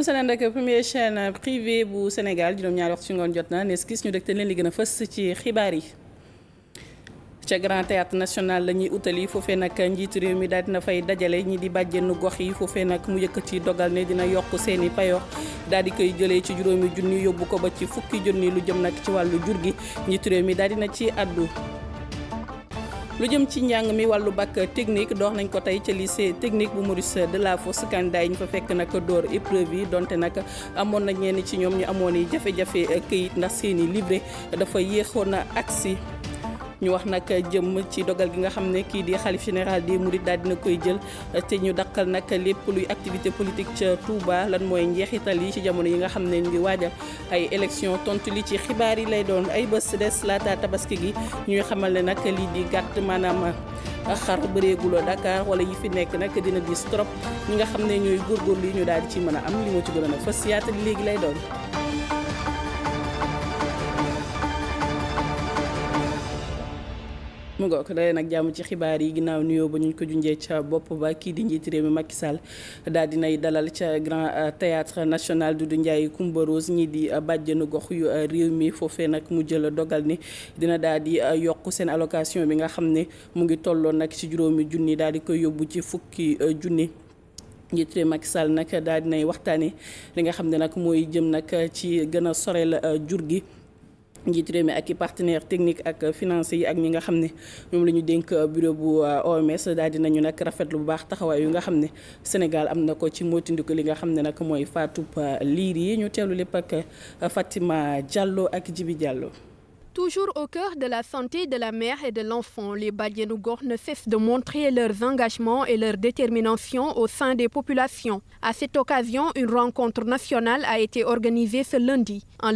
dellu seneen rek première chaîne privée bu Sénégal juróom-ñaari waxtu ci ngoon jot na nes gis ñu dégtal leen li gën a fës ci xibaar yi ca Grand Théâtre National lañuy utali foofee nag njiitu réew mi daal dina fay dajale ñi di bàjjenu gox yi foofee nag mu yëkkati dogal ne dina yokk seeni payoor daal di koy jëlee ci juróomi junni yóbbu ko ba ci fukki junni lu jëm nag ci wàllu jur gi njiitu réew mi daal dina ci àddu lu jëm ci njàng mi wàllu bac technique dox nañ ko tey ca lycée technique bu Maurice Delafosse candidat yi ñu fa fekk nag door épreuve yi donte nag amoon na ñeen ci ñoom ñu amoon yi jafe-jafe këyit ndax seeni livret dafa yéexoon na agsi ñu wax nag jëm ci dogal gi nga xam ne kii di xalif général di murit daal dina koy jël te ñu dakkal nag lépp luy activité politique ca Touba lan mooy njeexital yi ci jamono yi nga xam ne ñu ngi waajal ay élection tontu li ci xibaar yi lay doon ay bés des laata tabaski gi ñuy xamal ne nag lii di gàtt maanaam xar bareeguloo Dakar wala yi fi nekk nag dina gis trop ñi nga xam ne ñooy góorgóorlu yi ñu daal di ci mën a am li moo ci gën a nag fas yaata léegi lay doon mu ngoog dalee nag jàmm ci xibaar yi ginnaaw nuyoo ba ñu ko junjee ca bopp ba kii di njiit réew mi Macky Sall daal dinay dalal ca grand théâtre national Doudou Ndiaye Coumba Rose ñii di bàjjenu gox yu réew mi foofe nag mu jël dogal ni dina daal di yokk seen alocation bi nga xam ne mu ngi tolloon nag ci juróomi junni daal di koy yóbbu ci fukki junni. njiit réew Macky nag daal dinay waxtaane li nga xam ne nag mooy jëm nag ci gën a sorel jur gi njiit réew ak i partenaire technique ak financier yi ak ñi nga xam ne ñoom la ñu dénk euh, bureau bu euh, OMS daal dinañu nag rafetlu bu baax taxawaay yu nga xam ne Sénégal am na ko ci moytandiku li nga xam ne nag mooy faatub euh, liir yi ñu teelu lépp ak Fatima Diallo ak Jibi Diallo Toujours au cœur de la santé de la mère et de l'enfant, les Badianou Gor ne cessent de montrer leurs engagements et leur détermination au sein des populations. À cette occasion, une rencontre nationale a été organisée ce lundi en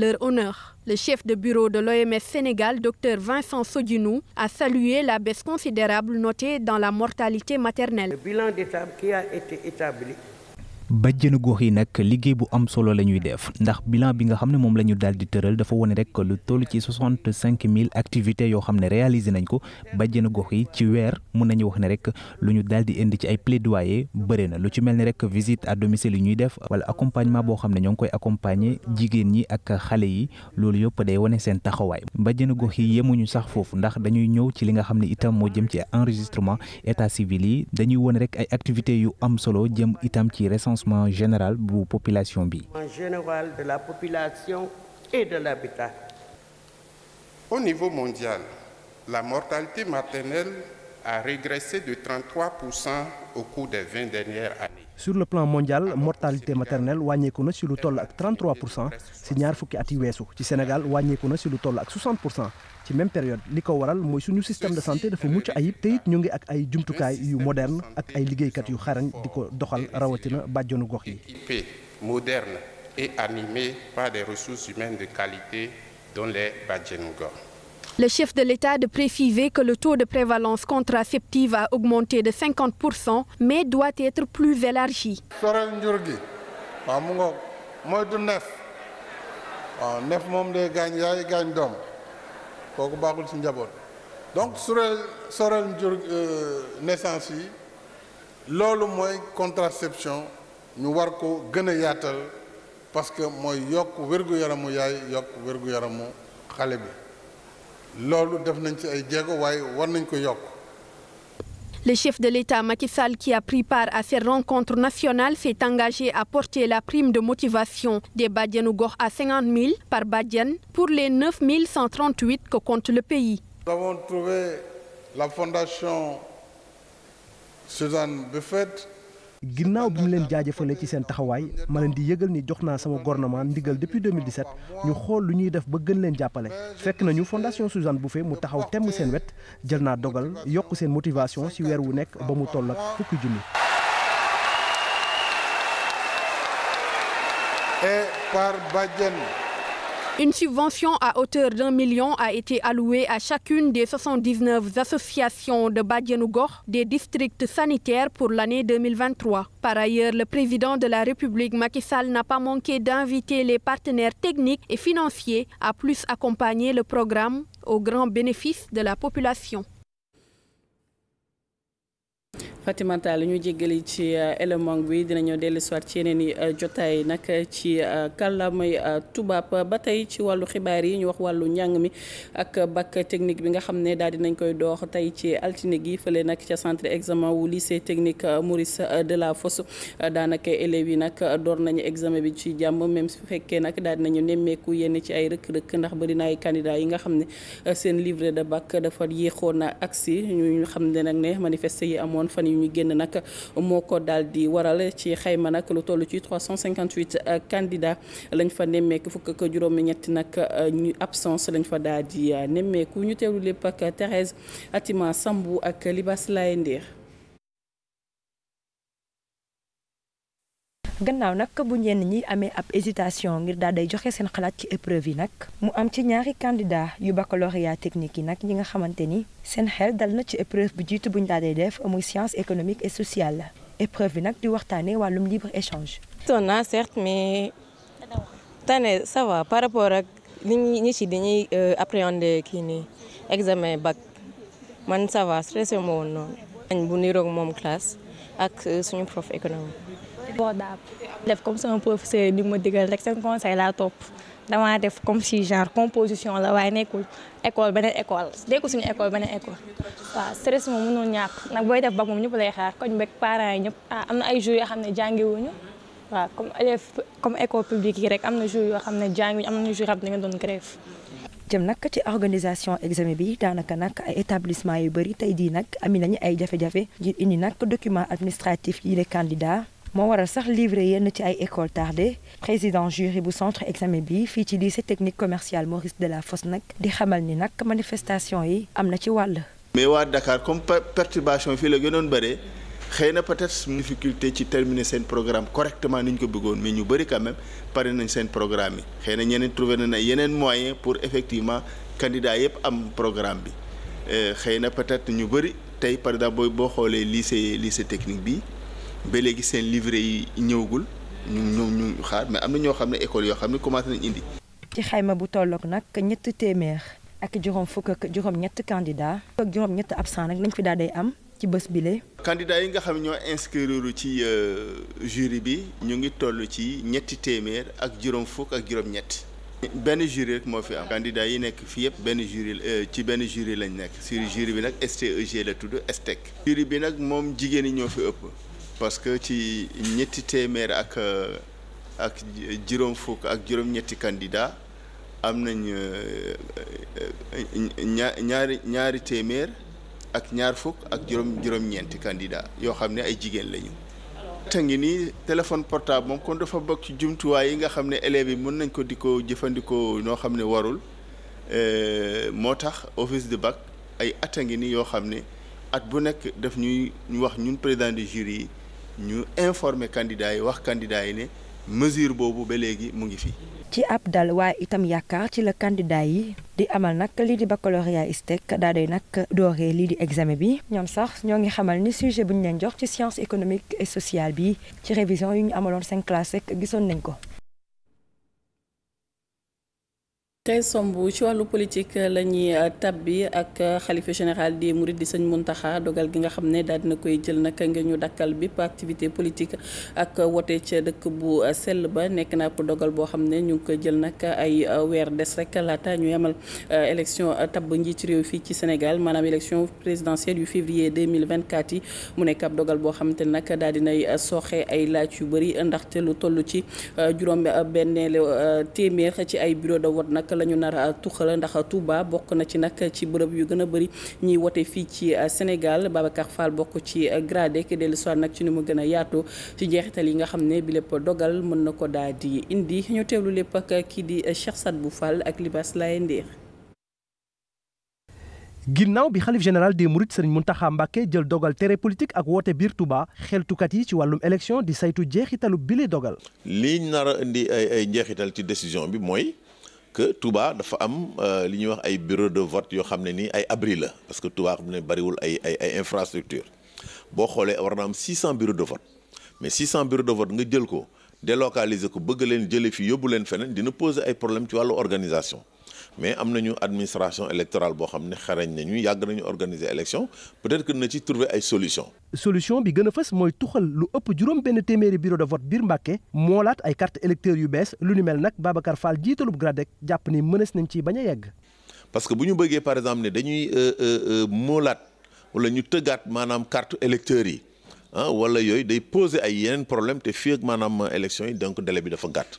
Le chef de bureau de l'OMS Sénégal, Dr Vincent Sodinou, a salué la baisse considérable notée dans la mortalité maternelle. Le bilan bàjjenu gox yi nag liggéey bu am solo la ñuy def ndax bilan bi nga xam ne moom la ñu daal di tëral dafa wone rek lu toll ci soixante cinq mille activités yoo xam ne réalisé nañ ko bàjjenu gox yi ci weer mun nañu wax ne rek lu ñu daal di indi ci ay plaidoyer bëri na lu ci mel ni rek visite à domicile yi ñuy def wala accompagnement boo xam ne ñoo ngi koy accompagner jigéen ñi ak xale yi loolu yëpp day wane seen taxawaay bàjjenu gox yi yemuñu sax foofu ndax dañuy ñëw ci li nga xam ne itam moo jëm ci enregistrement état civil yi dañuy wone rek ay activités yu am solo jëm itam ci récent recensement général bu population bi. en général de la population et de l'habitat. au niveau mondial la mortalité maternelle a régressé de 33 pour cent au cours des vingt dernières années. sur le plan mondial mortalité maternelle wàññeeku na si lu toll ak 33 pour cent si ñaar fukki at yi weesu ci Sénégal wàññeeku na si lu toll ak 60 pour cent ci même période li ko waral mooy suñu système de santé dafa mucc ayib te it ñu ngi ak ay jumtukaay yu moderne ak ay liggéeykat yu xarañ di ko doxal rawatina bàjjonu gox yi. moderne et animé par des ressources humaines de qualité dont les bàjjenu gox. Le chef de l'État de préciser que le taux de prévalence contraceptive a augmenté de 50 mais doit être plus élargi. sorel njur gi waaw mu ngoog mooy du neef waaw neef moom day gaañ yaay gaañ doom. kooku baaxul ci njaboot donc soreel soreel njur naissance yi loolu mooy contraception ñu war ko gën a yaatal parce que mooy yokk wér-gu-yaramu yaay yokk wér-gu-yaramu xale bi loolu def nañ ci ay jéego waaye war nañ ko yokk Le chef de l'État Macky Sall, qui a pris part à ces rencontres à porter la prime de motivation des Badianougor à 50 000 par Badian pour les 9 138 que compte le pays. Nous avons trouvé la fondation ginnaaw bi mu leen jaajëfalee ci seen taxawaay ma leen yëgal ni jox naa sama gouvernement ndigal depuis ñu xool lu ñuy def ba gën leen jàppale fekk nañu fondation Suzanne Bouffé mu taxaw temm seen wet jël naa dogal yokk seen motivation ci weer wu nekk ba mu toll ak fukki junni. et par Badiane Une subvention à hauteur d'un million a été allouée à chacune des 79 associations de Badianougor des districts sanitaires pour l'année 2023. Par ailleurs, le président de la République Macky Sall n'a pas manqué d'inviter les partenaires techniques et financiers à plus accompagner le programme au grand bénéfice la population. Fatimata lu ñu jéggali ci élément euh, bi dinañoo dellu si waat ci yeneen i euh, jotaay nag ci euh, kàllaamay tubaab ba tey ci wàllu xibaar yi ñu wax wàllu njàng mi ak bac technique bi nga xam ne daal dinañ koy doox tey ci altine gi fële nag ca centre examen wu lycée technique Maurice Delafosse daanaka élèves yi nag door nañu examen bi ci jàmm même su fekkee nag daal dinañu nemmeeku yenn ci ay rëkk-rëkk ndax bari na ay candidats yi nga xam ne seen livre de bac dafa yéexoon na agsi ñu xam ne nag ne manifester yi amoon fan ñu génn nag moo ko daal di waral ci xayma nag lu toll ci 358 euh, candidats lañ fa nemmeeku fukk ak juróom-ñetti nag euh, ñu absence lañ fa daal di euh, nemmeeku ñu teewlu lépp ak Thérèse Atima Sambou ak Libas Laye Ndir gannaaw nag bu ñenn ñi amee ab hésitation ngir daal day joxe seen xalaat ci épreuve yi nag mu am ci ñaari candidat yu baccalauréat technique yi nag ñi nga xamante ni seen xel dal na ci épreuve bu jiitu bu ñu daal day def muy science économique et sociale épreuve bi nag di waxtaanee wàllum libre échange. sonn na certes mais tane ça par rapport ak li ñuy ñi ci dañuy euh, appréhender kii nii examen bac man ça va stressé ma woon noonu. bu niroog moom classe ak euh, suñu prof économie. abordable def comme sama professeur di ma digal rek seen conseil laa topp damaa def comme si genre composition la waaye nekkul école beneen école nekkul suñu école beneen école waaw stress moom mënul ñàkk nag booy def bac moom ñëpp lay xaar koñ beeg parents ah, am na ay jours yoo xam ne jàngiwuñu waaw comme élève comme école publique am na jours yoo xam yoo xam ne doon grève jëm nag ci organisation examen bi daanaka nag ay établissement yu bëri tey jii nag ami nañu ay jafe-jafe ngir indi nag document administratif moo waral sax livré yenn ci ay école tardé président jury bu centre examen bi fii ci lycée technique commercial Maurice Delafosse nag di xamal ni nag manifestation yi am na ci wàll. mais waa Dakar comme perturbation fii la gënoon bëree xëy na peut-être difficulté ci terminer seen programme correctement ni ñu ko bëggoon mais ñu bëri quand même pare nañ seen programme yi xëy na ñeneen trouvé nañ ay yeneen moyen pour effectivement candidat yëpp am programme bi euh, xëy na peut-être ñu bëri tey par exemple boo xoolee lycée lycée technique bi. ba léegi seen livret yi ñëwagul ñu ñu xaar mais am na ñoo xam ne école yoo xam ne commencé nañ indi. ci xayma bu tolloog nag ñett téeméer ak juróom fukk ak juróom ñett ak juróom ñett absent lañ fi daal am ci bés bile. candidat yi nga xam ñoo inscrire ci euh, jury bi ñu ngi toll ci ñetti téeméer ak juróom fukk ak juróom ñett. benn jury rek moo fi am candidat yi nekk fii yëpp benn jury euh, ci benn jury lañ nekk sur jury bi nag STEG la tudd STEC jury bi nag moom jigéen ñi ñoo fi ëpp parce que ci ñetti téeméer ak ak juróom fukk ak juróom-ñetti candidat am nañ euh, ñaar ñaari ñaari téeméer ak ñaar fukk ak juróom juróom-ñeenti candidat yoo xam ne ay jigéen lañu. te ngi nii téléphone portable moom kon dafa bokk ci jumtuwaay yi nga xam ne élèves yi mën nañ ko di ko jëfandikoo noo xam ne warul euh, moo tax office de bac ay at a ngi nii yoo xam ne at bu nekk def ñuy wax ñun président de jury yi. ñu informer candidats yi wax candidats yi ne mesure boobu ba léegi mu ngi fi. ci ab dal waaye itam yaakaar ci la candidat yi di amal nag lii di baccalauréat ISTEC daa doy nag dooree lii di examen bi ñoom sax ñoo ngi xamal ni sujet bu ñu leen jox ci science économique et sociale bi ci révision yu ñu amaloon cinq classes rek gisoon nañ ko. tey somb ci wàllu politique la ñuy euh, tabbi ak euh, xalifa général des mourides di sëñ Muntaxa dogal gi nga xam ne daal dina koy jël nag nga ñu dakkal bépp activité politique ak wote ca dëkk bu euh, sell ba nekk na ab dogal boo xam ne ñu ngi ko jël nag ay weer des rek laata ñu yemal élection tabb njiitu réew fii ci Sénégal maanaam élection présidentielle yu février 2024 yi mu nekk ab dogal boo xam te nag daal dinay sooxe ay laaj yu bëri ndaxte lu toll ci juróom benneelu téeméer ci ay bureau nag la ñu nar a tuxal ndax Touba bokk na ci nag ci bërëb yu gën a bëri ñiy wote fii ci euh, senegal Babacar Fall bokk ci euh, gradé ki dellu soir nag ci ni mu gën a yaatoo ci jeexital yi nga xam ne bi lépp dogal mën na ko daal di indi ñu teewlu lépp ak kii di euh, Cheikh bu Fall ak Libas Laye Ndir. ginnaaw bi xalif général des mourides sëriñ Muntaxa Mbàkke jël dogal tere politique ak woote biir Touba xeltukat yi ci wàllum élection di saytu jeexitalu bile dogal. ci décision bi mooy que tubaa dafa am euh, li ñuy wax ay bureau de vote yoo xam ne nii ay abri la parce que tubaa xam ne bariwul ay ay ay infrastructure boo xoolee war na am 600 bureau de vote mais 600 bureau de vote nga jël ko délocaliser ko bëgg leen jëlee fi yóbbu leen feneen dina poser ay problème ci wàllu organisation mais am nañu administration électorale boo xam ne xarañ nañu yàgg nañu organiser élection peut-être que na ci trouver ay solution solution bi gën a fës mooy tuxal lu ëpp juróom benn téeméeri biro de vote biir Mbàkke moolaat ay carte électeurs yu bees lu ni mel nag Babacar Fall jiitalub GRADEC jàpp ni mënees nañ ci bañ a yegg parce que bu ñu bëggee par exemple ne dañuy euh, euh, euh, moolaat wala ñu tëggaat maanaam carte électeurs yi ah wala yooyu day poser ay yeneen problème te fii ak maanaam élection yi donc délai bi dafa gàtt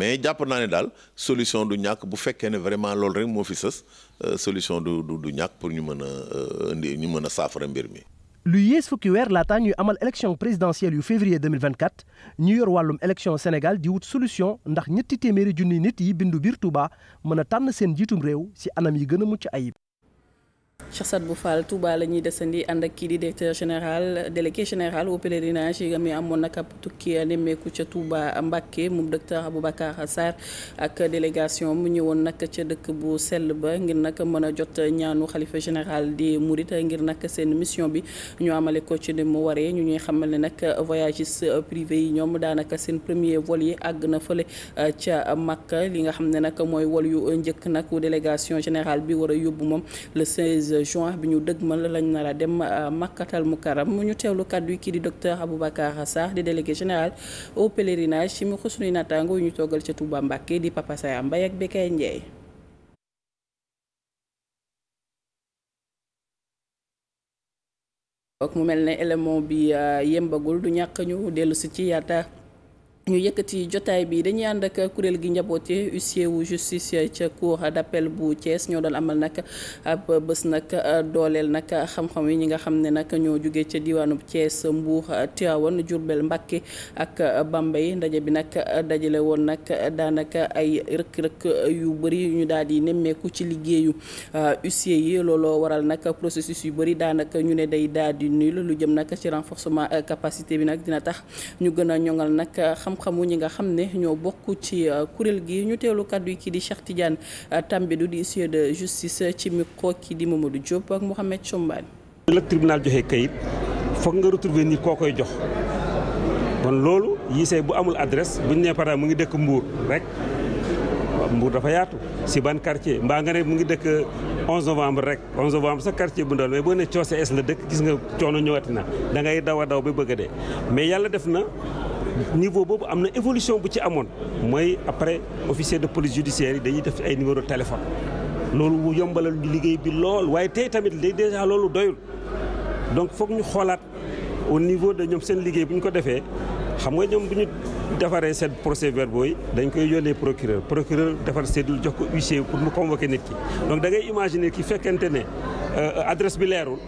mais jàpp naa ne daal solution du ñàkk bu fekkee ne vraiment loolu rek moo fi sës euh, solution du du du ñàkk pour ñu mën a euh, ndi ñu mën a saafara mbir mi. lu yées fukki weer laataa ñuy amal élection présidentielle yu mil février 2024 ñu yor wàllum élection Sénégal di wut solution ndax ñetti téeméeri junni nit yi bindu biir Touba mën a tànn seen jiitum réew ci anam yi gën a mucc ayib. Cheikh Sadbou Fall Touba la ñuy desandi ànd ak kii di directeur général délégué général au yi nga mi amoon nag ab tukki nemmeeku ca Touba Mbacké moom docteur Aboubacar Sarr ak délégation mu ñëwoon nag ca dëkk bu sell ba ngir nag mën a jot ñaanu xalifa général di Mouride ngir nag seen mission bi ñu amale ko ci ni mu waree ñu ñuy xamal ne nag voyagistes privés yi ñoom daanaka seen premier vol yi àgg na fële euh, ca Makka li nga xam ne nag mooy wol njëkk nag délégation générale bi war yóbbu moom 16 bi ñu dëgmal lañ nar a dem euh, makkatal mu karam mu kàddu kii di docteur Aboubacar Sarr di yu ñu toogal ca Touba Mbacké di Papa Saya Mbaye ak mu mel ne élément bi euh, yembagul du ñàkk ñu dellu ci yaata. ñu yëkkati jotaay bi dañuy ànd ak kuréel gi njaboote huissier wu justice ca cour d'appel bu Thiès ñoo doon amal nag ab bés nag dooleel nag xam-xam yi ñi nga xam ne nag ñoo jóge ca diwaanub Thiès Mbour Tivaouane Diourbel Mbacké ak Bambey ndaje bi nag dajale woon nag daanaka ay rëkk-rëkk yu bëri ñu daal di nemmeeku ci liggéeyu euh, huissier yi looloo waral nag processus yu bëri daanaka ñu ne day daal di nul lu jëm nag ci renforcement euh, capacité bi nag dina tax ñu gën xam-xamu ñi nga xam ne ñoo bokk ci euh, kuréel gi ñu teelu kàddu yi kii di Cheikh Tidiane euh, du di huissier de justice euh, ci micro kii di Mamadou Diop ak Mouhamed Chombane la tribunal joxe kayit foog nga retrouver ni koo koy jox kon loolu yi bu amul adresse bu nee par mu ngi dëkk Mbour rek Mbour dafa yaatu si ban quartier mbaa nga ne mu ngi dëkk 11 novembre rek 11 novembre sa quartier bu ndool mais boo ne coose es la dëkk gis nga coono ñëwatina dangay da daw a daw ba bëgg de mais yàlla def na niveau boobu am na évolution bu ci amoon mooy après officier de police judiciaire yi dañuy def ay numéro téléphone loolu yombalal ñu liggéey bi lool waaye tey tamit day déjà loolu doyul donc foog ñu xoolaat au niveau de ñoom seen liggéey bu ñu ko defee xam nga ñoom bu ñu defaree seen procès verbaux yi dañ koy yónnee procureur procureur defar cédule jox ko huissier pour mu convoquer nit ki donc da ngay imaginer ki fekkente ne euh, adresse bi leerul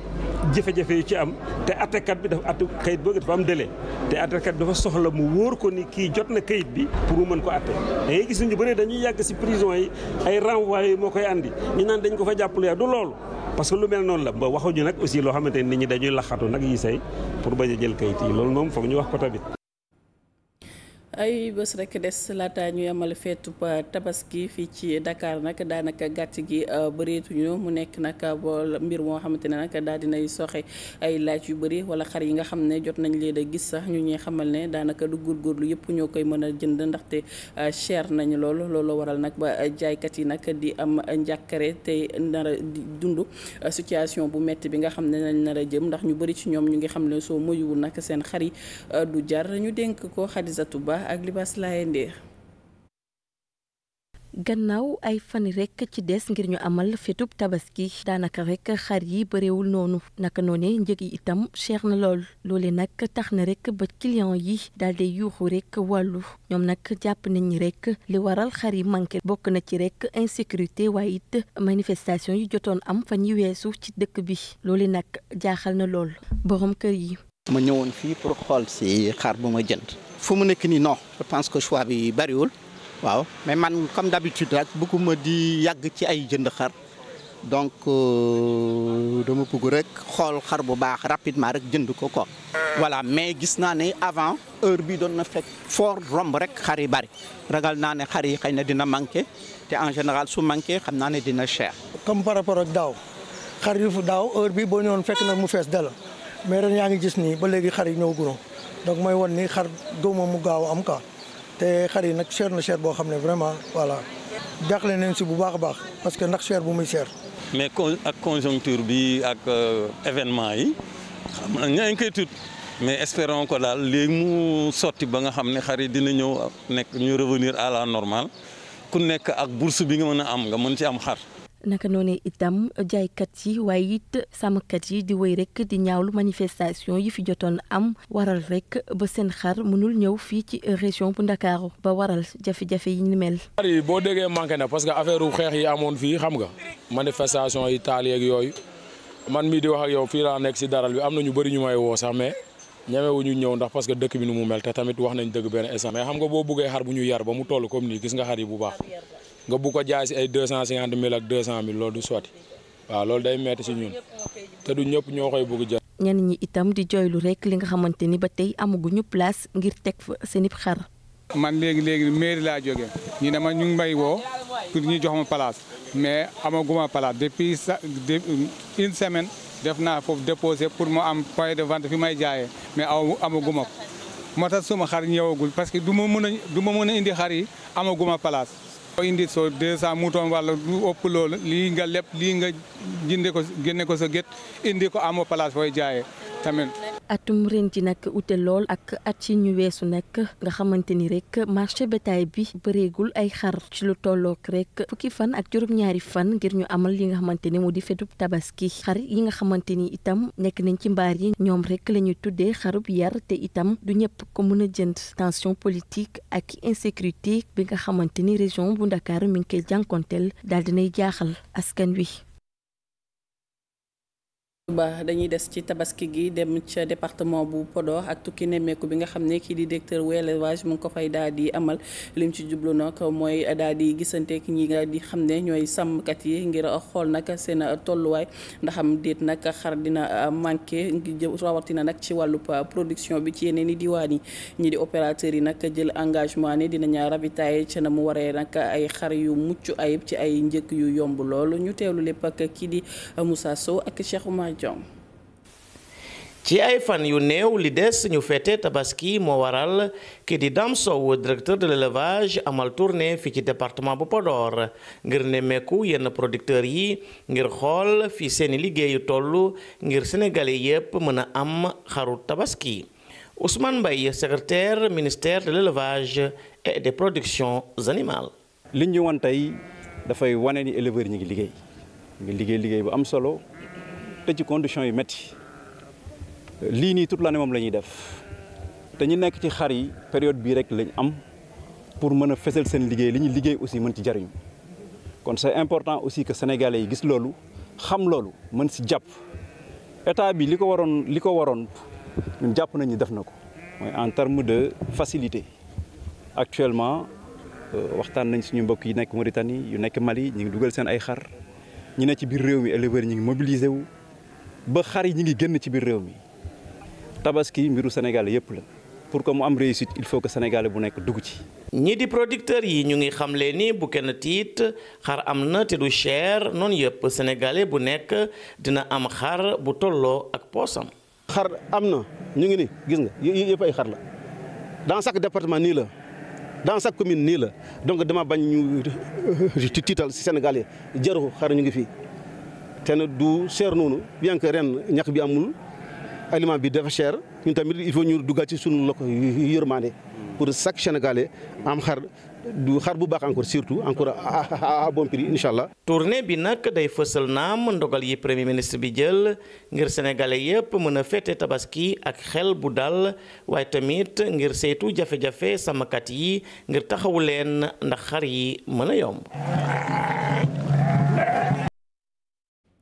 jafe-jafe yu ci am te attekat bi dafa att kayit bëgg dafa am délai te attekat bi dafa soxla mu wóor ko ni kii jot na kayit bi pour mu mën ko atte da ngay gis ñu bëri dañuy yàgg si prison yi ay renvoyé yi moo koy andi ñu naan dañ ko fa jàppale yaa du loolu parce lu mel noonu la ba waxuñu nag aussi loo xamante nit ñi dañuy laxatu nag yi say pour bañ a jël kayit loolu moom foog ñu wax ko tamit ay bés rekk des laata ñuy amal feetu tabaski fii ci dakaar nag daanaka gàtt gi euh, bëreetuñu mu nekk nag bool mbir moo xamante ne nag daal dinay soxe ay laaj yu bëri wala xar yi nga xam ne jot nañ leen a gis sax ñu ñuy xamal ne daanaka du góorgóorlu yëpp ñoo koy mën a jënd ndaxte euh, cher nañ lool loolu waral nag ba jaaykat yi nag di am njàkkare te nar di dund euh, situation bu metti bi nga xam ne nañ nar a jëm ndax ñu bëri ci ñoom ñu ngi xam ne soo moyuwul nag seen xar yi du jar ñu dénk ko Xadisatu Ba ak Libaas Laye Ndeer gannaaw ay fan rek ci des ngir ñu amal fetub tabaski daanaka rekk xar yi bëreewul noonu naka noone njëg yi itam cher na lool loole nag tax na rekk ba client yi daal di yuuxu rekk wàllu ñoom nag jàpp nañ ni rek li waral xar yi manqué bokk na ci rekk insécurité waaye it manifestation yi jotoon am fan yi weesu ci dëkk bi loole nag jaaxal na lool borom kër yi. ma ñëwoon fii pour xool si xar bu ma jënd. fu mu nekk nii non je pense que choix bi bariwul waaw mais man comme d'habitude rek bëgguma di yàgg ci ay jënd xar donc euh, dama bëgg rek xool xar bu baax rapidement rek jënd ko ko voilà mais gis naa ne avant heure bi doon na fekk fort romb rek xar yi bari ragal naa ne xar yi xëy na dina manqué te en général su manqué xam naa ne dina cher. comme par rapport ak daaw xar daaw heure bi boo woon fekk na mu fees dala mais ren yaa ngi gis ni ba léegi xar yi ñëw guró donc mooy wan ni xar gëwma mu gaaw am ka te xar yi nag cher na cher boo xam ne vraiment voilà jaaxle nañ si bu baax a baax parce que ndax cher bu muy cher. mais ak conjoncture bi ak euh, événement yi xam nañ inquiétude mais espérons ko daal léegi mu sotti ba nga xam ne xar yi dina ñëw nekk ñu revenir à la normale ku nekk ak bourse bi nga mën a am nga mën ci am xar. naka noonee itam jaaykat yi waaye it sàmmkat yi di wéy rek di ñaawlu manifestation yi fi jotoon am waral rek ba seen xar mënul ñëw fii ci région bu Ndakaaru ba waral jafe-jafe yi ni mel. xar yi boo déggee manqué na parce que affaire xeex yi amoon fii xam nga manifestation yi taal yeeg yooyu man mii di wax ak yow fii laa nekk si daral bi am na ñu bëri ñu may woo sax mais ñemewu ñu ñëw ndax parce dëkk bi nu mu mel te tamit wax nañ dëgg benn instant. boo buggee xar bu ñu yar ba mu toll comme nii gis nga xar yi bu baax. nga bu ko jaay si ay deux cent cinquante mille ak deux cent mille loolu waaw loolu day metti si ñun te du ñëpp ñoo koy bëgg jël. ñenn ñi itam di jooylu rek li nga xamante ni ba tey amaguñu place ngir teg fa seen i xar. léegi léegi mairie laa jóge ñu ne ma ñu may woo pour ñu jox ma mais amaguma place depuis sa une semaine def naa foofu déposé pour mu am point de vente fi may jaayee mais aw amaguma moo tax suma xar ñëwagul parce que du ma mën a du ma mën a indi xar amaguma place. boo indi soo deux cent mouton wala lu ëpp loolu lii nga lépp lii nga jënde ko génne ko sa gét indi ko amoo place fooy jaayee tamit. atum ren ji nag ute lool ak at yi ñu weesu nag nga xamante ni rek marché bétail bi bëreegul ay xar ci lu tollook rek fukki fan ak juróom-ñaari fan ngir ñu amal li nga xamante ne mu di fetub tabaski xar yi nga xamante ni itam nekk nañ ci mbaar yi ñoom rek la ñuy tuddee xarub yar te itam du ñëpp ko mën a jënd tension politique ak insécurité bi nga xamante Ndakaaru mi ngi koy jànkonteel daal dinay jaaxal askan wi ba dañuy des ci tabaski gi dem ca département bu Podor ak tukki nemmeeku bi nga xam ne kii di directeur wu élevage mu ngi ko fay daal di amal lim ci jublu nag mooy daal di ki ñi nga di xam ne ñooy sàmmkat yi ngir xool nag seen tolluwaay ndaxam déet nag xar dina manqué rawatina nag ci wàllu production bi ci yeneen i diwaan yi ñi di opérateurs yi nag jël engagement ne dinañu ravitailler ca na mu waree nag ay xar yu mucc ayib ci ay njëkk yu yomb kii Diong ci ay fan yu néew li des ñu fete tabaski moo waral kii di Dame Sow directeur de l'élevage amal tournée fii ci département bu Podor ngir nemmeeku yenn producteurs yi ngir xool fi seeni liggéeyu toll ngir sénégalais yépp mën a am xaru tabaski Ousmane Mbaye secrétaire ministère de l'élevage et des production animales. li ñu wan tey dafay wane ni éleveurs ñu ngi liggéey ngi liggéey liggéey bu am solo. te ci condition yu métti lii nii toute l'année moom la ñuy def te ñu nekk ci xar yi période bii rek lañ am pour mën a fesal seen liggéey li ñu liggéey aussi mën ci jariñu kon c'est important aussi que sénégalais yi gis loolu xam loolu mën si jàpp état bi li ko waroon li ko waroon jàpp nañu def na ko mooy en terme de facilité actuellement euh, waxtaan nañ suñu mbokk yi nekk Mauritanie yu nekk Mali ñu dugal seen ay xar ñu ne ci biir réew mi éleveurs ñu ngi wu. ba xar yi ñu ngi génn ci biir réew mi tabaski mbiru Sénégal yëpp la pour que mu am réussite il faut que sénégalais bu nekk dugg ci. ñii di producteurs yi ñu ngi xamle ni bu kenn tiit xar am na te du cher noonu yëpp sénégalais bu nekk dina am xar bu tolloo ak poosam. xar am na ñu ngi ni gis nga yëpp ay xar la dans chaque département nii la dans chaque commune nii la donc dama bañ ñu euh, tiital si Sénégalais jaru xar ñu ngi fii. te du cher noonu bien que ren ñax bi amul aliment bi dafa cher ñun tamit il faut ñu duggaat sunu loko yërmande pour chaque Sénégalais am xar bu baax surtout encore à bon prix incha allah. tournée bi nag day fësal naam ndogal yi premier ministre bi jël ngir sénégalais yépp mën a fête tabaski ak xel bu dal waaye tamit ngir saytu jafe-jafe sàmmkat yi ngir taxawu leen ndax xar yi mën a yomb.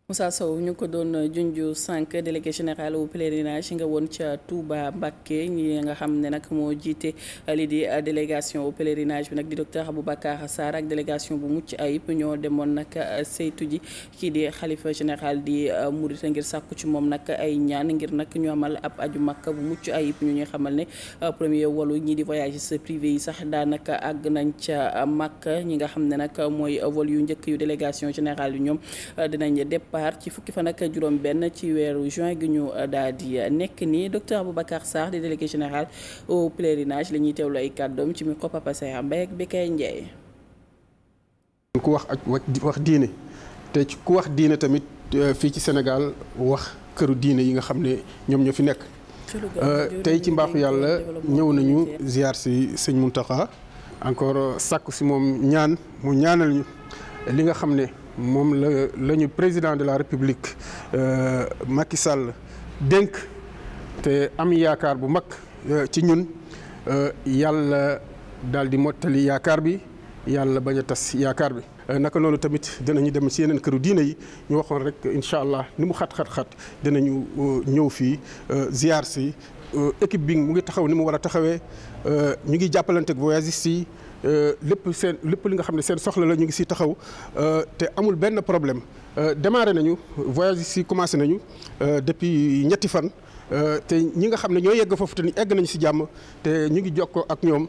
Moussa Sow ñu ko doon junju cinq délégué général au pèlerinage nga woon ca Touba Mbacké ñi nga xam ne nag moo jiite lii di délégation au pèlerinage nag di docteur Aboubacar Sarr ak délégation bu mucc ayib ñoo demoon nag saytu ji kii di xalifa général di Murit ngir sàkku ci moom nag ay ñaan ngir nag ñu amal ab aju Makka bu mucc ayib ñu xamal ne premier walu ñi di voyages privés yi sax daanaka àgg nañ ca Makka ñi nga xam ne nag mooy vol yu njëkk yu délégation générale yu ñoom dinañ dépp départ ci fukki fan ak juróom benn ci weeru juin gi ñu uh, daal di uh, nekk nii docteur Boubacar Sarr di délégué général au pèlerinage la ñuy teewlu ay kàddoom ci micro Papa Saha Mbaye ak Bécaye Ndiaye ku wax ak wax diine te ku wax diine tamit uh, fii ci Sénégal wax këru diine yi nga xam ne ñoom ñoo fi nekk tey ci mbaaxu yàlla ñëw nañu ziar si sëñ Mountakha encore sàkku si moom ñaan mu ñaanal ñu li nga xam ne moom la la ñu président de la république euh, Macky Sall dénk te am yaakaar bu mag euh, ci ñun euh, yàlla daal di mottali yaakaar bi yàlla bañ a tas yaakaar bi. naka noonu tamit dinañu dem ci yeneen këru diine yi ñu waxoon rek incha allah ni mu xat-xat-xat dinañu ñëw fii ziar si équipe bi mu ngi taxaw ni mu war a taxawee ñu ngi jàppalante ak voyagistes yi. Euh, lépp seen lépp li nga xam ne seen soxla la ñu ngi si taxaw euh, te amul benn problème euh, démarré nañu voyage si commencé nañu depuis ñetti fan te ñi nga xam ne ñoo yegg foofu te ni egg nañu si jàmm te ñu ngi jokkoo ak ñoom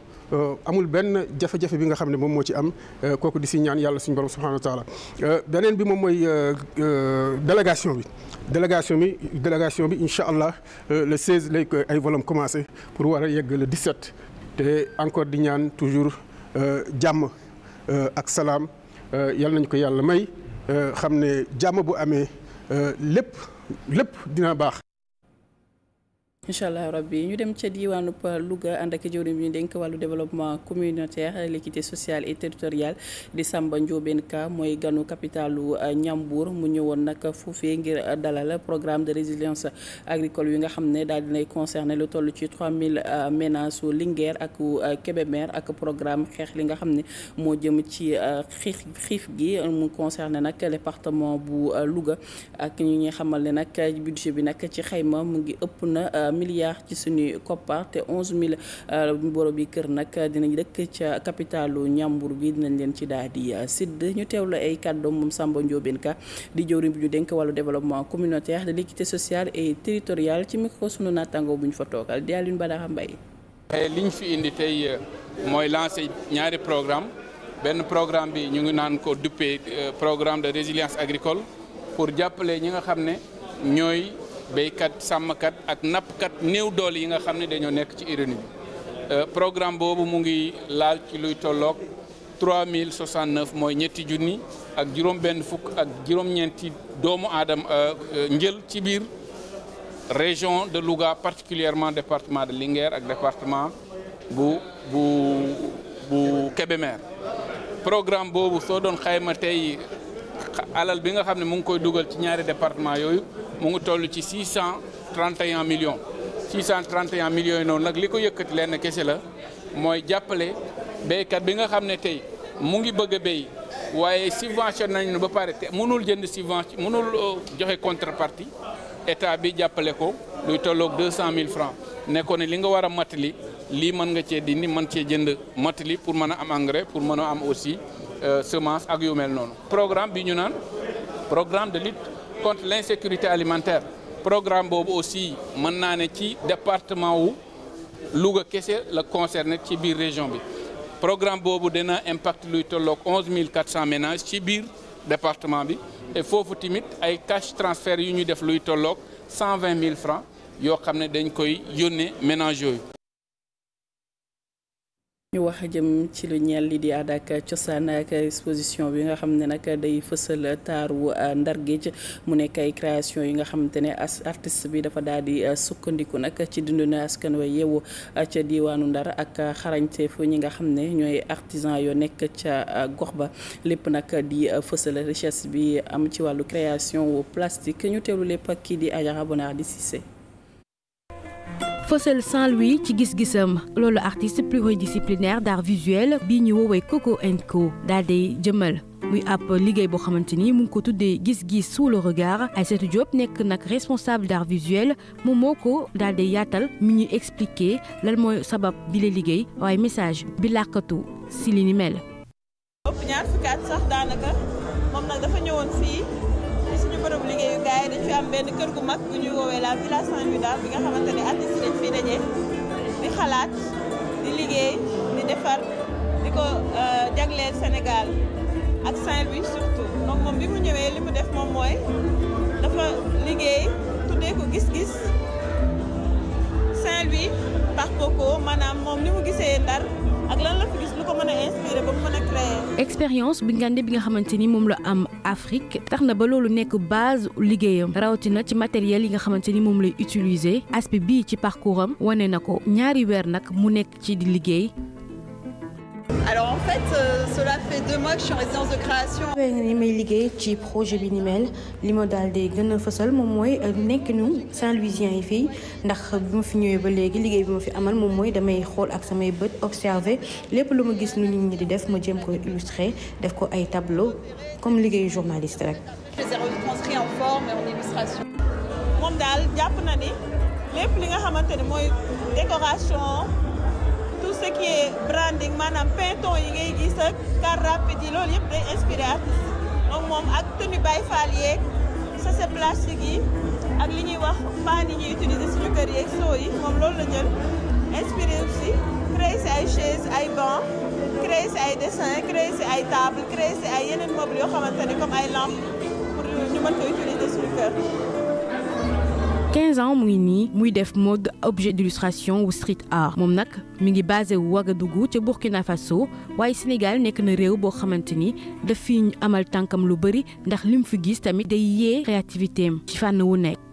amul benn jafe-jafe bi nga xam ne moom moo ci am kooku di si ñaan yàlla suñ borom subhanahu wa taala beneen bi moom mooy délégation bi délégation bi délégation bi incha allah le 16 lay ay volom commencé pour war a yegg la le 17 te encore di ñaan toujours Euh, jàmm euh, ak salaam euh, yal nañ ko yàlla may xam ne jàmm bu amee lépp lépp dina baax. incha allah rabbi ñu dem ca diwaanu Louga ànd ak jëwriñ bi ñu dénk wàllu développement communautaire l'équité sociale et territoriale di Samba Ndiobène Ka mooy ganu capitalu Ñambour euh, mu ñëwoon nag foofee ngir dalal programme de résilience agricole yi nga xam ne daal dinay concerné lu toll ci 3000 euh, ménages su Linguère ak euh, Kébémer ak programme xeex li nga xam ne moo jëm ci xiif xiif gi mu concerné nag département bu luga ak ñi nga xamal ne nag budget bi nag ci xayma mu ngi ëpp na milliards ci suñuy koppar te onze mille euh, borom yi kër nag dinañ dëkk ca capitalu Ñambur bi dinañ leen ci daal di euh, sidd ñu teew teewlu ay kàddoom moom Samba Ndiobène Ka di jëwriñ bi ñu dénk wàllu développement communautaire de l'équité sociale et territoriale ci micro sunu naataangoo bu ñu fa toogal di Alioune Badara Mbaye li ñu fi indi tey euh, mooy lancé ñaari programme benn programme bi ñu ngi naan ko duppee programme de résilience agricole pour jàppale ñi nga xam ne ñooy béykat sàmmkat ak nappkat néew doole yi nga xam ne dañoo nekk ci urée bi euh, programme boobu mu ngi laal ci luy tolloog 3069 mooy ñetti junni ak juróom-benn fukk ak juróom-ñeenti doomu aadama euh, euh, njël ci biir région de Louga particulièrement département de Linguère ak département bu bu bu Kébémer programme boobu soo doon xayma tey. alal bi nga xam ne mu ngi koy dugal ci ñaari département yooyu mu ngi toll ci million 631 millions 631 millions yi noonu nag li ko yëkkati lenn kese la mooy jàppale béykat bi nga xam ne tey mu ngi bëgg a béy waaye subvention nañu ba pare te mënul jënd subvention mënul euh, joxe contrepartie état bi jàppale ko luy tolloog 200 000 francs ne ko ne li nga war a matali lii mën nga cee dindi mën cee jënd matali pour mën a am engrais pour mën a am aussi Euh, semence ak yu noonu programme bi ñu naan programme de lutte contre l'insécurité alimentaire programme boobu aussi mën naa ne ci département wu Louga kese la concerné ci biir région bi programme boobu dina impact luy tolloog onze mille quatre cent ménages ci biir département bi te foofu tamit ay cash transfert yu ñu def luy tolloog cent vingt mille francs yoo xam ne dañ koy yónnee ménages yooyu ñu wax jëm ci lu ñeel di aada cosaan ak exposition bi nga xam ne nag day fësal taaru euh, ndar géej mu nekk ay création yi nga xamante ne as artiste bi dafa daal di euh, sukkandiku nag ci dundu na askan wa yeewu euh, ca diwaanu ndar ak xarañteefu ñi nga xam ne ñooy artisan yoo nekk ca gox ba lépp nag di fësal richesse bi am ci wàllu création wu plastique ñu teewlu lépp ak kii di Adjara Bonar di Cissé fësal Saint-Louis ci gis-gisam loolu artiste pluridisciplinaire d'art visuel bii ñu woowee Coco and Co daal day muy ab liggéey boo xamante ni mu ngi ko tuddee gis gi sous le regard Aïssatou Diop nekk nag responsable d'art visuel moom moo ko daal di yaatal mi ñuy expliquer lan mooy sabab bi la liggéey waaye message bi làkkatu sax daanaka moom nag dafa ñëwoon fii. gars yi dañ fi am benn kër gu mag ñuy woowee la villa Saint-Louis daal bi nga xamante ne artistes dañ fiy daje di xalaat di liggéey di defar di ko euh, jagleel Sénégal ak Saint-Louis surtout donc moom bi mu ñëwee li mu def moom mooy dafa liggéey tuddee ko gis-gis Saint-Louis par Coco maanaam moom ni mu gisee Ndar ak expérience bi ngande bi nga xamante ni moom la am Afrique tax na ba loolu nekk base liggéeyam rawatina ci matériel yi nga xamante ni moom lay utiliser aspect bi ci parcours wane na ko ñaari weer nag mu nekk ci di liggéey. Euh, cela fait deux mois que de création. li may liggéey ci projet bi ni li ma daal di gën a moom mooy euh, nekk yi fii ndax bi fi ñëwee ba léegi liggéey bi fi amal moom mooy damay xool ak samay bët observer lépp lu ma gis nu nit di def ma jéem ko illustrer def ko ay tableau comme liggéeyu journaliste rek. moom daal jàpp na ni lépp li nga xamante ni mooy décoration. ce qui est branding maanaam pinton yi ngay gis ak car rapide yi loolu yëpp day inspiré artiste moom ak tenue Baye Fall yeeg sachet yi ak li ñuy wax paan yi ñuy utiliser suñu kër yeeg moom loolu la jël inspiré aussi créer si ay chaise ay banc créer si ay dessin créer si ay table créer si ay yeneen meubles yoo xamante comme ay lampe pour ñu mën ko utiliser suñu 15 ans muy nii muy def mode objet d'illustration wu street art moom nag mi ngi basé wu dugg ca Burkina Faso waaye Sénégal nekk na réew boo xamante ni daf fi amal tànkam lu bëri ndax lim fi gis tamit day yee créativité ci fànn wu nekk.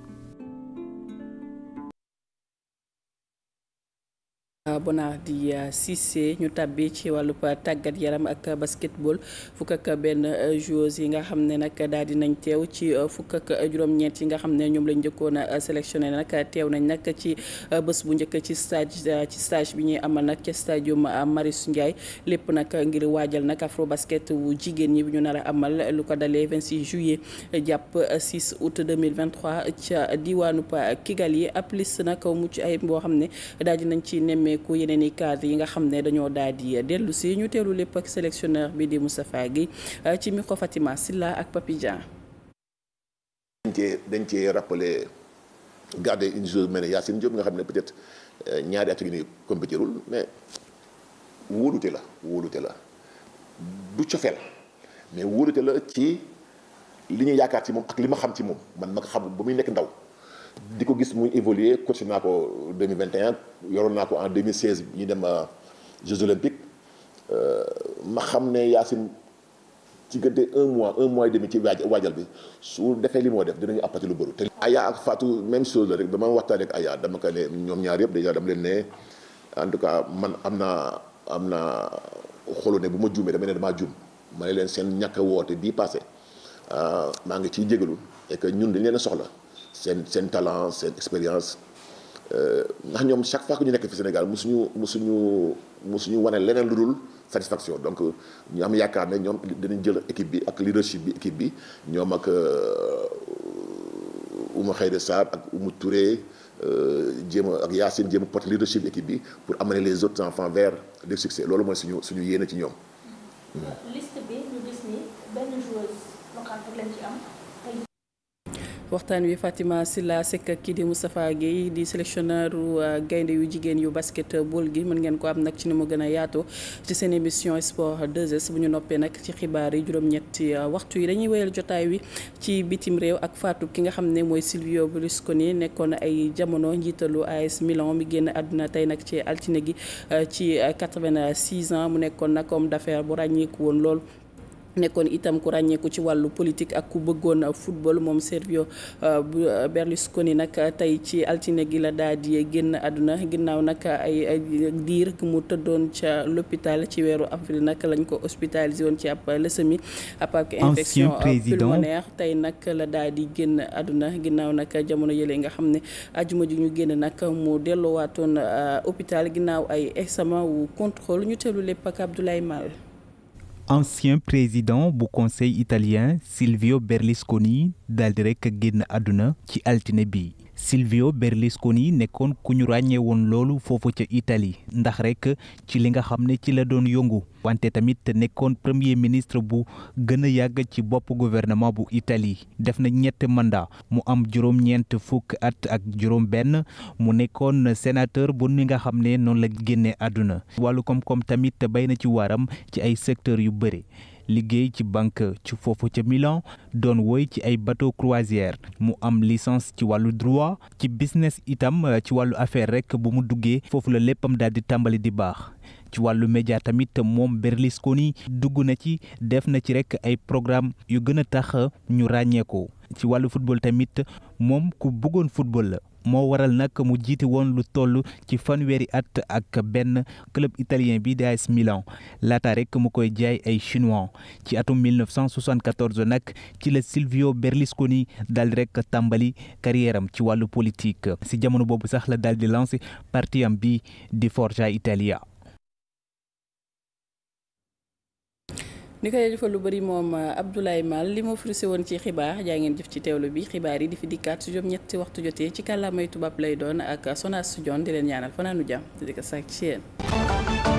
Euh, Bonardi euh, Cissé ñu tàbbi ci wàllub tàggat yaram ak basketball fukk ak benn euh, joueuse yi nga xam ne nag daal di nañ teew ci fukk ak yi nga xam ne ñoom lañ njëkkoon a sélectionné nag teew nañ nag ci bés bu njëkk ci stage ci stage bi ñuy amal nag ca stadium Marius Ndiaye lépp nag ngir waajal nag afro basket wu jigéen ñi bu ñu nar amal lu ko dalee 26 juillet jàpp 6 août 2023 ca diwaanu kigal yi ab liste nag mucc ayib boo xam ne daal di nañ ci nemme nemmeeku yeneen i cadre yi nga xam ne dañoo daal di dellu si ñu teelu lépp ak sélectionneur bi di Moustapha gi euh, ci micro Fatima Silla ak Papi Dieng dañ cee dañ cee rappelé garder une chose mel nga xam ne peut-être euh, ñaari at yu ni mais wóolute la wóolute la du cofeel mais wóolute la ci li ñu yaakaar ci moom ak li ma xam ci moom man ma ko xam ba muy nekk ndaw di ko gis muy évoluer coach naa ko 2021 yoroon naa ko en bi ñu dem euh, Jeux olympiques euh, ma xam ne Yacine ci gënte un mois un mois et demi ci waajal bi su defee li moo def dinañu appati lu bëru te Aya ak Fatou même chose la rek dama waxtaan ak Aya dama ko ne ñoom ñaar yëpp déjà dama leen ne en tout cas man am na am naa xolu ne bu ma juumee dama ne damaa juum ma ne leen seen ñàkk woote bii passé euh, maa ngi ciy jégalu et que ñun dañ leen a soxla seen seen talent seen expérience euh, ndax ñoom chaque fois que ñu nekk fi Sénégal mu suñu musuñu mu suñu wane leneen lu dul satisfaction donc ñu am yaakaar ne ñoom dinañ jël équipe bi ak leadership bi équipe bi ñoom ak euh, Ouma Khayre Sarr ak Oumou Touré euh, jéem a ak Yacine jëm a porte leadership équipe bi pour amener les autres enfants vers le succès loolu mooy suñu suñu yéene ci ñoom. waxtaan wi Fatima Silla Seck kii di mustafa Guèye di sélectionneur euh, gaynde yu jigéen yu bool gi mën ngeen ko am nag ci ni mu gën a yaatu ci seen émission sport 2S bu ñu noppee nag ci xibaar yi juróom-ñetti euh, waxtu yi dañuy wéyal jotaay wi ci bitim réew ak faatu ki nga xam ne mooy Silvio Berlusconi nekkoon ay jamono njiitalu AS Milan mi génn àdduna tey nag ci altine gi euh, ci 86 ans mu nekkoon nag homme d'affaires bu ràññeeku woon lool. nekkoon itam ku ràññeeku ci wàllu politique ak ku bëggoon football moom Silvio euh, euh, Berlusconi nag tey ci altine gi la daal di génn àdduna ginnaaw nag ay diir mu tëddoon ca ci weeru avril nag lañ ko hospitalisé woon ci ab leucémie ab ak infection pulmonaire tey nag la daal di génn àdduna ginnaaw nag jamono yële nga xam ne ajuma ji ñu génn nag mu delloowaatoon euh, hôpital ginnaaw ay examen wu contrôle ñu teelu lépp ak Abdoulaye Mal ancien président bu conseil italien Silvio Berlusconi daldi rekk génn àdduna ci altine bi Silvio Berlusconi nekkoon ku ñu ràññee woon loolu foofu ca Italie ndax rek ci li nga xam ne ci la doon yëngu wante tamit nekkoon premier ministre bu gën a yàgg ci bopp gouvernement bu Italie def na ñett mandat mu am juróom-ñeent fukk at ak juróom-benn mu nekkoon sénateur bu ni nga xam ne noonu la génnee àdduna wàllu koom-koom tamit bay na ci waaram ci ay secteurs yu bëri. liggéey ci banque ci foofu ca Milan doon woy ci ay bateau croisière mu am licence ci wàllu droit ci business itam euh, ci wàllu affaire rek bu mu duggee foofu la léppam daal di tàmbali di baax ci wàllu média tamit moom Berlusconi dugg na ci def na ci rek ay programme yu gën a tax ñu ràññee ci wàllu football tamit moom ku bëggoon football la moo waral nag mu jiite woon lu toll ci fanweeri at ak benn club italien bi di AS Milan laata rek mu koy jaay ay chinois ci atum 1974 nag ci la Silvio Berlusconi daal rek tàmbali carrière ci wàllu politique si jamono boobu sax la daal di lancé parti bi di Forza Italia. ni koy defal lu bëri moom euh, Abdoulaye Mal li moo frisé woon ci xibaar jaa ngeen jëf ci teewlo bi xibaar yi di fi dikkaat su jom ñetti waxtu jotee ci kàllaamay tubaab lay doon ak Sonas Sujon di leen yaanal fonaanu jàmm di ko sàkk ci yéen